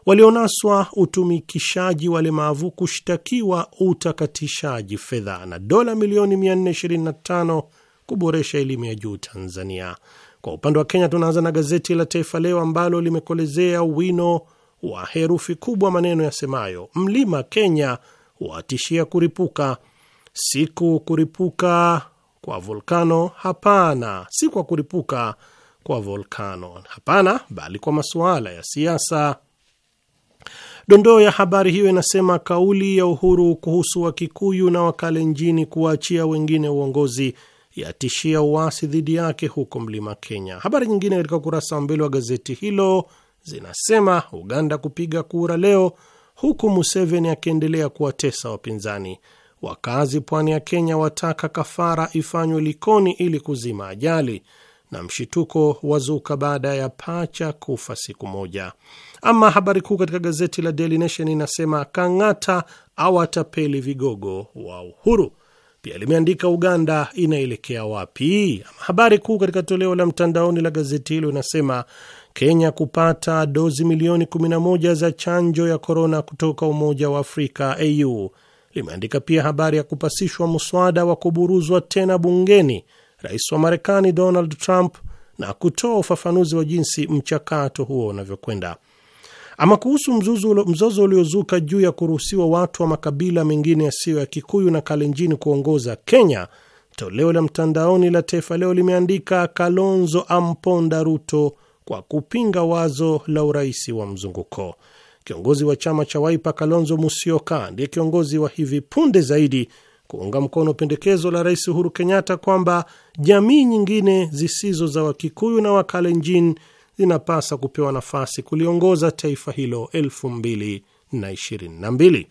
Speaker 2: walionaswa utumikishaji walemavu kushtakiwa utakatishaji fedha, na dola milioni 425 kuboresha elimu ya juu Tanzania. Kwa upande wa Kenya, tunaanza na gazeti la Taifa Leo ambalo limekolezea wino wa herufi kubwa maneno yasemayo mlima Kenya watishia kuripuka, siku kuripuka kwa volkano hapana, si kwa kuripuka kwa volkano hapana, bali kwa masuala ya siasa. Dondoo ya habari hiyo inasema kauli ya Uhuru kuhusu Wakikuyu na Wakalenjini kuwaachia wengine uongozi yatishia uasi dhidi yake huko mlima Kenya. Habari nyingine katika ukurasa wa mbele wa gazeti hilo zinasema Uganda kupiga kura leo, huku Museveni akiendelea kuwatesa wapinzani. Wakazi pwani ya Kenya wataka kafara ifanywe Likoni ili kuzima ajali, na mshituko wazuka baada ya pacha kufa siku moja. Ama habari kuu katika gazeti la Daily Nation inasema Kang'ata awatapeli vigogo wa Uhuru. Pia limeandika Uganda inaelekea wapi? Habari kuu katika toleo la mtandaoni la gazeti hilo inasema Kenya kupata dozi milioni 11 za chanjo ya korona kutoka Umoja wa Afrika au limeandika pia habari ya kupasishwa mswada wa kuburuzwa tena bungeni rais wa Marekani Donald Trump na kutoa ufafanuzi wa jinsi mchakato huo unavyokwenda. Ama kuhusu mzozo uliozuka juu ya kuruhusiwa watu wa makabila mengine yasiyo ya Kikuyu na Kalenjini kuongoza Kenya, toleo la mtandaoni la Taifa Leo limeandika Kalonzo amponda Ruto kwa kupinga wazo la urais wa mzunguko. Kiongozi wa chama cha Waipa Kalonzo Musyoka ndiye kiongozi wa hivi punde zaidi kuunga mkono pendekezo la Rais Uhuru Kenyatta kwamba jamii nyingine zisizo za Wakikuyu na Wakalenjin linapasa kupewa nafasi kuliongoza taifa hilo 2022.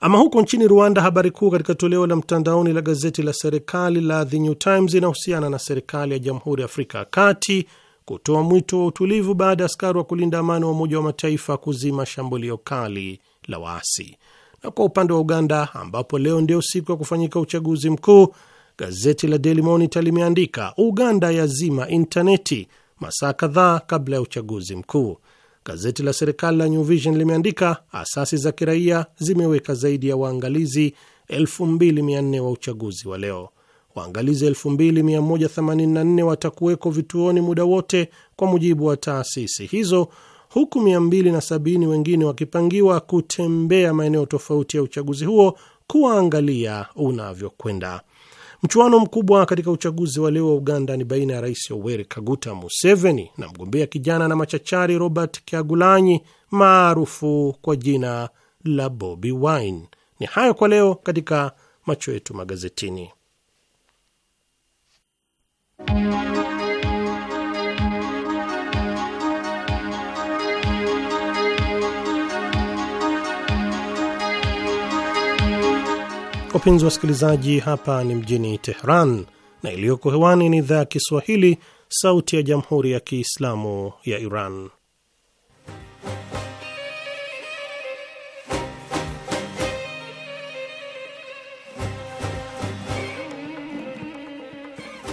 Speaker 2: Ama huko nchini Rwanda, habari kuu katika toleo la mtandaoni la gazeti la serikali la The New Times inahusiana na serikali ya Jamhuri ya Afrika ya Kati kutoa mwito wa utulivu baada ya askari wa kulinda amani wa Umoja wa Mataifa kuzima shambulio kali la waasi. Na kwa upande wa Uganda, ambapo leo ndio siku ya kufanyika uchaguzi mkuu, gazeti la Daily Monitor limeandika Uganda yazima intaneti masaa kadhaa kabla ya uchaguzi mkuu. Gazeti la serikali la New Vision limeandika asasi za kiraia zimeweka zaidi ya waangalizi 2400 wa uchaguzi wa leo. Waangalizi 2184 watakuweko vituoni muda wote kwa mujibu wa taasisi hizo, huku 270 wengine wakipangiwa kutembea maeneo tofauti ya uchaguzi huo kuwaangalia unavyokwenda. Mchuano mkubwa katika uchaguzi wa leo wa Uganda ni baina ya Rais Yoweri Kaguta Museveni na mgombea kijana na machachari Robert Kyagulanyi maarufu kwa jina la Bobi Wine. Ni hayo kwa leo katika macho yetu magazetini. Wapenzi wasikilizaji, hapa ni mjini Teheran na iliyoko hewani ni idhaa ya Kiswahili, Sauti ya Jamhuri ya Kiislamu ya Iran.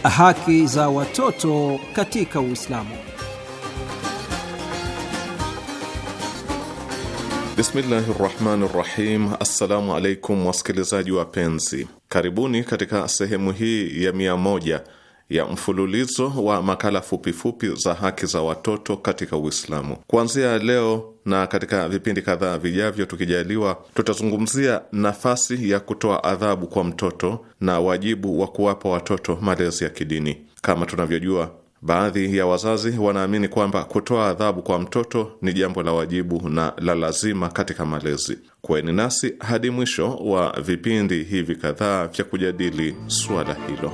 Speaker 3: Haki za watoto katika Uislamu.
Speaker 4: Bismillahi rahmani rahim. Assalamu alaikum wasikilizaji wapenzi, karibuni katika sehemu hii ya mia moja ya mfululizo wa makala fupifupi za haki za watoto katika Uislamu. Kuanzia leo na katika vipindi kadhaa vijavyo, tukijaliwa, tutazungumzia nafasi ya kutoa adhabu kwa mtoto na wajibu wa kuwapa watoto malezi ya kidini. Kama tunavyojua Baadhi ya wazazi wanaamini kwamba kutoa adhabu kwa mtoto ni jambo la wajibu na la lazima katika malezi. kweni nasi hadi mwisho wa vipindi hivi kadhaa vya kujadili suala hilo.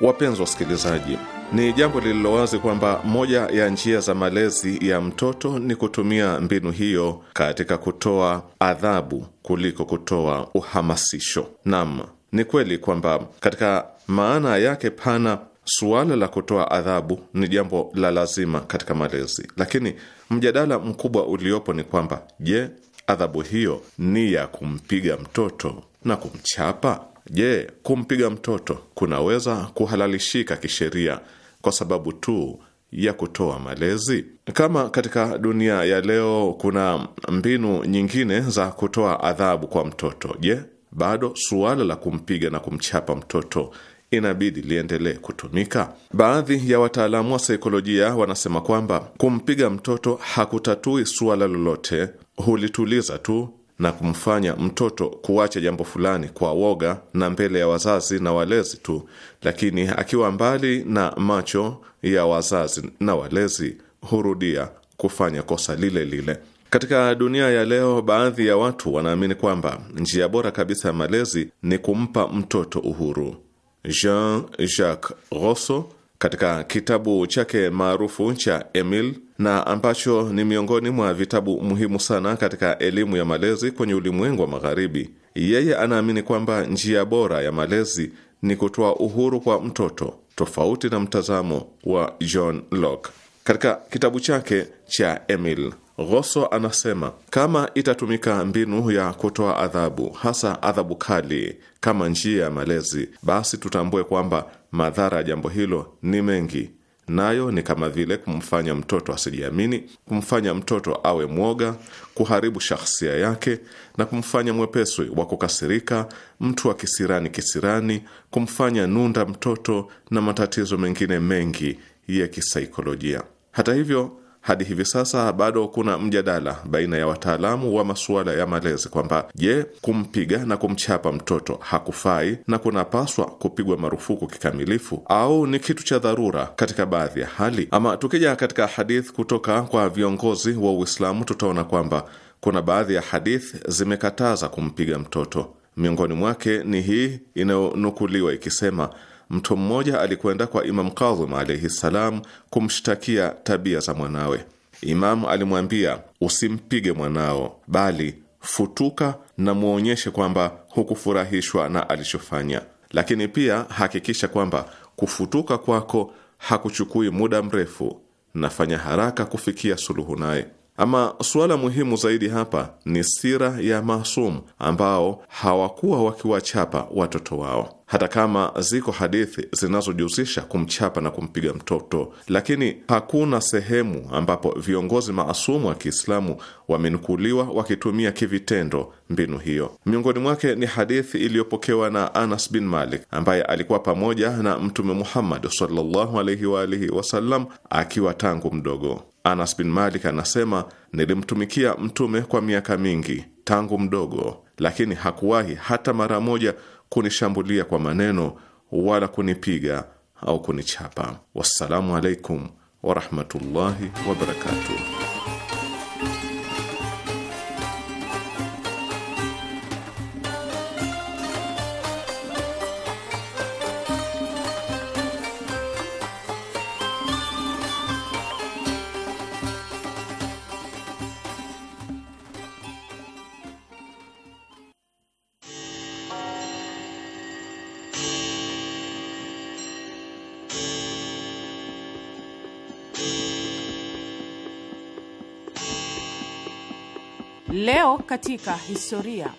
Speaker 4: Wapenzi wasikilizaji ni jambo lililo wazi kwamba moja ya njia za malezi ya mtoto ni kutumia mbinu hiyo katika kutoa adhabu kuliko kutoa uhamasisho. Naam, ni kweli kwamba katika maana yake pana suala la kutoa adhabu ni jambo la lazima katika malezi, lakini mjadala mkubwa uliopo ni kwamba je, adhabu hiyo ni ya kumpiga mtoto na kumchapa? Je, kumpiga mtoto kunaweza kuhalalishika kisheria kwa sababu tu ya kutoa malezi? Kama katika dunia ya leo kuna mbinu nyingine za kutoa adhabu kwa mtoto, je, bado suala la kumpiga na kumchapa mtoto inabidi liendelee kutumika? Baadhi ya wataalamu wa saikolojia wanasema kwamba kumpiga mtoto hakutatui suala lolote, hulituliza tu na kumfanya mtoto kuacha jambo fulani kwa woga na mbele ya wazazi na walezi tu, lakini akiwa mbali na macho ya wazazi na walezi hurudia kufanya kosa lile lile. Katika dunia ya leo, baadhi ya watu wanaamini kwamba njia bora kabisa ya malezi ni kumpa mtoto uhuru. Jean Jacques Rousseau katika kitabu chake maarufu cha Emil na ambacho ni miongoni mwa vitabu muhimu sana katika elimu ya malezi kwenye ulimwengu wa Magharibi, yeye anaamini kwamba njia bora ya malezi ni kutoa uhuru kwa mtoto, tofauti na mtazamo wa John Locke. Katika kitabu chake cha Emil Ghoso anasema kama itatumika mbinu ya kutoa adhabu, hasa adhabu kali, kama njia ya malezi, basi tutambue kwamba madhara ya jambo hilo ni mengi, nayo ni kama vile kumfanya mtoto asijiamini, kumfanya mtoto awe mwoga, kuharibu shahsia yake na kumfanya mwepesi wa kukasirika, mtu wa kisirani kisirani, kumfanya nunda mtoto na matatizo mengine mengi ya kisaikolojia. Hata hivyo hadi hivi sasa bado kuna mjadala baina ya wataalamu wa masuala ya malezi kwamba je, kumpiga na kumchapa mtoto hakufai na kunapaswa kupigwa marufuku kikamilifu au ni kitu cha dharura katika baadhi ya hali. Ama tukija katika hadith kutoka kwa viongozi wa Uislamu, tutaona kwamba kuna baadhi ya hadith zimekataza kumpiga mtoto. Miongoni mwake ni hii inayonukuliwa ikisema mtu mmoja alikwenda kwa Imam Kadhim alaihi ssalam kumshtakia tabia za mwanawe. imamu alimwambia, usimpige mwanao, bali futuka na mwonyeshe kwamba hukufurahishwa na alichofanya, lakini pia hakikisha kwamba kufutuka kwako hakuchukui muda mrefu, nafanya haraka kufikia suluhu naye. Ama suala muhimu zaidi hapa ni sira ya Masum ambao hawakuwa wakiwachapa watoto wao. Hata kama ziko hadithi zinazojihusisha kumchapa na kumpiga mtoto, lakini hakuna sehemu ambapo viongozi maasumu wa Kiislamu wamenukuliwa wakitumia kivitendo mbinu hiyo. Miongoni mwake ni hadithi iliyopokewa na Anas bin Malik ambaye alikuwa pamoja na Mtume Muhammad sallallahu alaihi wa alihi wasallam akiwa tangu mdogo. Anas bin Malik anasema nilimtumikia Mtume kwa miaka mingi tangu mdogo, lakini hakuwahi hata mara moja kunishambulia kwa maneno wala kunipiga au kunichapa. Wassalamu alaikum warahmatullahi wabarakatuh.
Speaker 5: katika historia.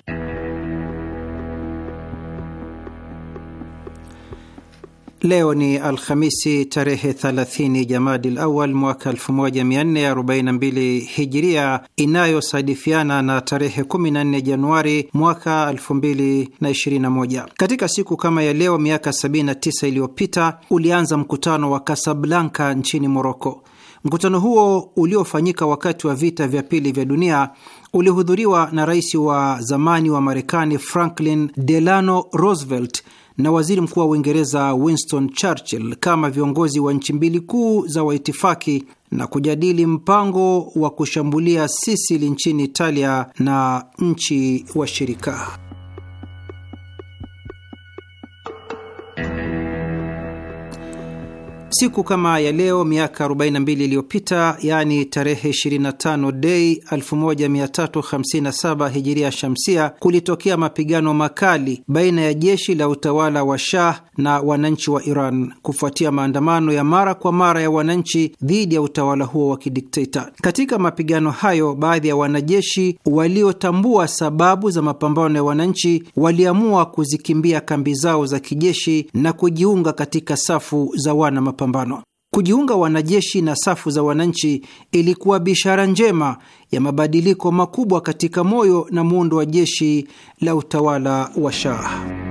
Speaker 3: Leo ni Alhamisi tarehe 30 Jamadil Awal mwaka 1442 Hijiria, inayosadifiana na tarehe 14 Januari mwaka 2021. Katika siku kama ya leo miaka 79 iliyopita ulianza mkutano wa Kasablanka nchini Moroko. Mkutano huo uliofanyika wakati wa vita vya pili vya dunia ulihudhuriwa na rais wa zamani wa Marekani Franklin Delano Roosevelt na waziri mkuu wa Uingereza Winston Churchill kama viongozi wa nchi mbili kuu za waitifaki na kujadili mpango wa kushambulia Sisili nchini Italia na nchi washirika. Siku kama ya leo miaka 42 iliyopita, yaani tarehe 25 Dei 1357 hijiria shamsia, kulitokea mapigano makali baina ya jeshi la utawala wa Shah na wananchi wa Iran kufuatia maandamano ya mara kwa mara ya wananchi dhidi ya utawala huo wa kidikteta. Katika mapigano hayo, baadhi ya wanajeshi waliotambua sababu za mapambano ya wananchi waliamua kuzikimbia kambi zao za kijeshi na kujiunga katika safu za wana mapambano. Kujiunga wanajeshi na safu za wananchi ilikuwa bishara njema ya mabadiliko makubwa katika moyo na muundo wa jeshi la utawala wa Shah.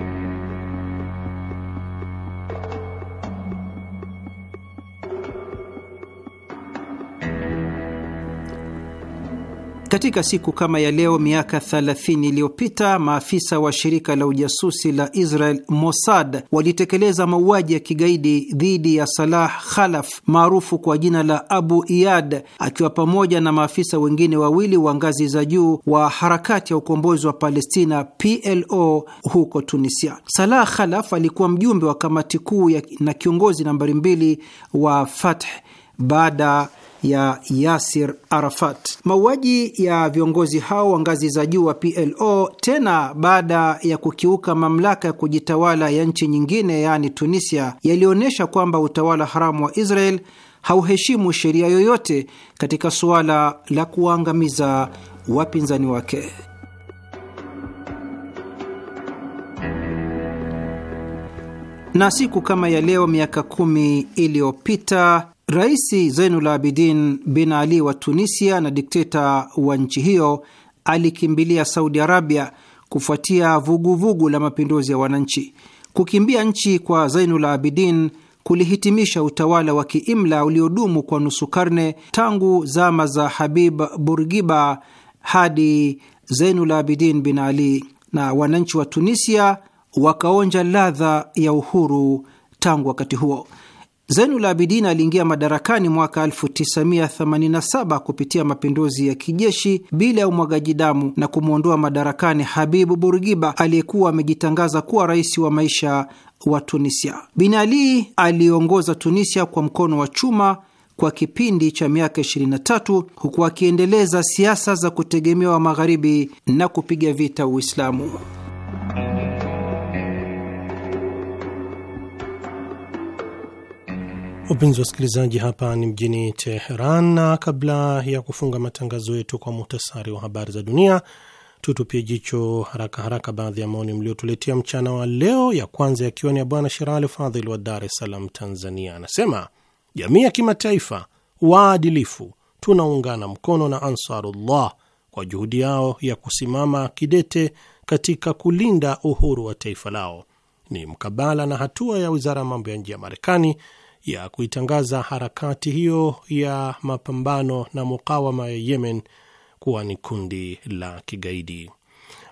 Speaker 3: Katika siku kama ya leo miaka 30 iliyopita maafisa wa shirika la ujasusi la Israel Mossad walitekeleza mauaji ya kigaidi dhidi ya Salah Khalaf maarufu kwa jina la Abu Iyad akiwa pamoja na maafisa wengine wawili wa ngazi za juu wa harakati ya ukombozi wa Palestina PLO huko Tunisia. Salah Khalaf alikuwa mjumbe wa kamati kuu na kiongozi nambari mbili wa Fatah baada ya Yasir Arafat. Mauaji ya viongozi hao wa ngazi za juu wa PLO, tena baada ya kukiuka mamlaka ya kujitawala ya nchi nyingine, yaani Tunisia, yalionyesha kwamba utawala haramu wa Israel hauheshimu sheria yoyote katika suala la kuwaangamiza wapinzani wake. Na siku kama ya leo miaka kumi iliyopita Raisi Zainul Abidin bin Ali wa Tunisia na dikteta wa nchi hiyo alikimbilia Saudi Arabia kufuatia vuguvugu vugu la mapinduzi ya wananchi. Kukimbia nchi kwa Zainul Abidin kulihitimisha utawala wa kiimla uliodumu kwa nusu karne tangu zama za Habib Burgiba hadi Zainul Abidin bin Ali, na wananchi wa Tunisia wakaonja ladha ya uhuru tangu wakati huo. Zainul Abidin aliingia madarakani mwaka 1987 kupitia mapinduzi ya kijeshi bila ya umwagaji damu na kumwondoa madarakani Habibu Burgiba aliyekuwa amejitangaza kuwa rais wa maisha wa Tunisia. Bin Ali aliongoza Tunisia kwa mkono wa chuma kwa kipindi cha miaka 23 huku akiendeleza siasa za kutegemewa magharibi na kupiga vita Uislamu.
Speaker 2: Wapenzi wasikilizaji, hapa ni mjini Teheran, na kabla ya kufunga matangazo yetu kwa muhtasari wa habari za dunia, tutupie jicho haraka haraka baadhi ya maoni mliotuletea mchana wa leo. Ya kwanza yakiwa ni ya Bwana Sherali Fadhil wa Dar es Salaam, Tanzania. Anasema jamii ya kimataifa waadilifu, tunaungana mkono na Ansarullah kwa juhudi yao ya kusimama kidete katika kulinda uhuru wa taifa lao. Ni mkabala na hatua ya wizara ya mambo ya nje ya Marekani ya kuitangaza harakati hiyo ya mapambano na mukawama ya Yemen kuwa ni kundi la kigaidi.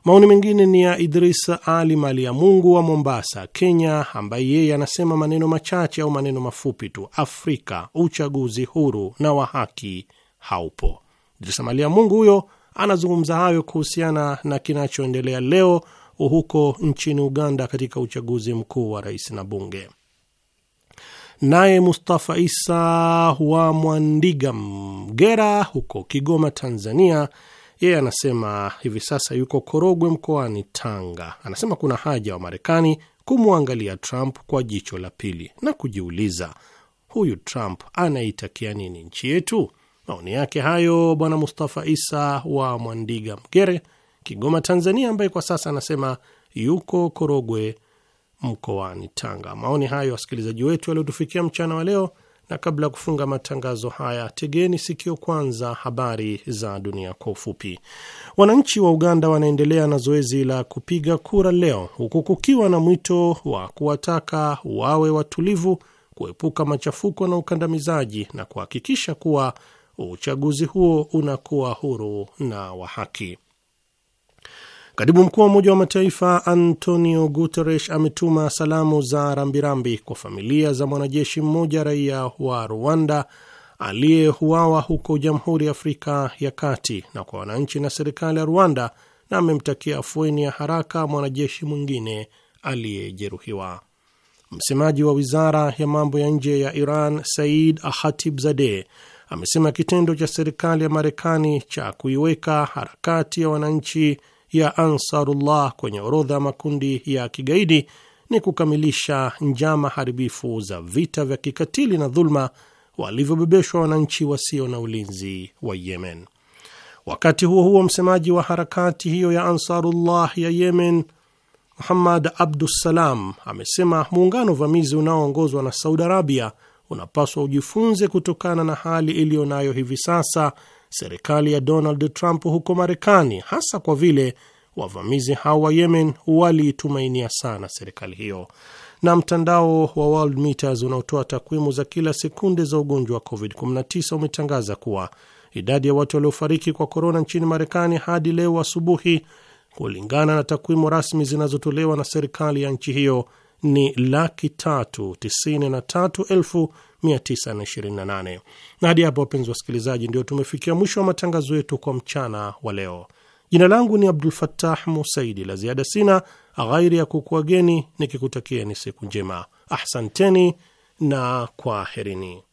Speaker 2: Maoni mengine ni ya Idris Ali Mali ya Mungu wa Mombasa, Kenya, ambaye yeye anasema maneno machache au maneno mafupi tu: Afrika, uchaguzi huru na wa haki haupo. Idris Mali ya Mungu huyo anazungumza hayo kuhusiana na kinachoendelea leo huko nchini Uganda katika uchaguzi mkuu wa rais na bunge. Naye Mustafa Isa wa Mwandiga Mgera huko Kigoma, Tanzania, yeye anasema hivi sasa yuko Korogwe mkoani Tanga. Anasema kuna haja wa Marekani kumwangalia Trump kwa jicho la pili na kujiuliza huyu Trump anaitakia nini nchi yetu. Maoni yake hayo, Bwana Mustafa Isa wa Mwandiga Mgere, Kigoma, Tanzania, ambaye kwa sasa anasema yuko Korogwe mkoani Tanga. Maoni hayo wasikilizaji wetu yaliyotufikia mchana wa leo, na kabla ya kufunga matangazo haya, tegeni sikio kwanza habari za dunia kwa ufupi. Wananchi wa Uganda wanaendelea na zoezi la kupiga kura leo, huku kukiwa na mwito wa kuwataka wawe watulivu, kuepuka machafuko na ukandamizaji na kuhakikisha kuwa uchaguzi huo unakuwa huru na wa haki. Katibu mkuu wa Umoja wa Mataifa Antonio Guterres ametuma salamu za rambirambi kwa familia za mwanajeshi mmoja raia wa Rwanda aliyeuawa huko Jamhuri ya Afrika ya Kati na kwa wananchi na serikali ya Rwanda, na amemtakia afueni ya haraka mwanajeshi mwingine aliyejeruhiwa. Msemaji wa wizara ya mambo ya nje ya Iran Said zade amesema kitendo cha serikali ya Marekani cha kuiweka harakati ya wananchi ya Ansarullah kwenye orodha ya makundi ya kigaidi ni kukamilisha njama haribifu za vita vya kikatili na dhuluma walivyobebeshwa wananchi wasio na ulinzi wa Yemen. Wakati huo huo, msemaji wa harakati hiyo ya Ansarullah ya Yemen, Muhammad Abdussalam, amesema muungano vamizi unaoongozwa na Saudi Arabia unapaswa ujifunze kutokana na hali iliyo nayo hivi sasa serikali ya Donald Trump huko Marekani, hasa kwa vile wavamizi hao wa Yemen waliitumainia sana serikali hiyo. Na mtandao wa World Meters unaotoa takwimu za kila sekunde za ugonjwa wa COVID-19 umetangaza kuwa idadi ya watu waliofariki kwa korona nchini Marekani hadi leo asubuhi, kulingana na takwimu rasmi zinazotolewa na serikali ya nchi hiyo, ni laki tatu tisini na tatu elfu 928. Na hadi hapo, wapenzi wasikilizaji, ndio tumefikia mwisho wa matangazo yetu kwa mchana wa leo. Jina langu ni Abdul Fattah Musaidi. La ziada sina ghairi ya kukuageni nikikutakieni siku njema. Ahsanteni na kwaherini.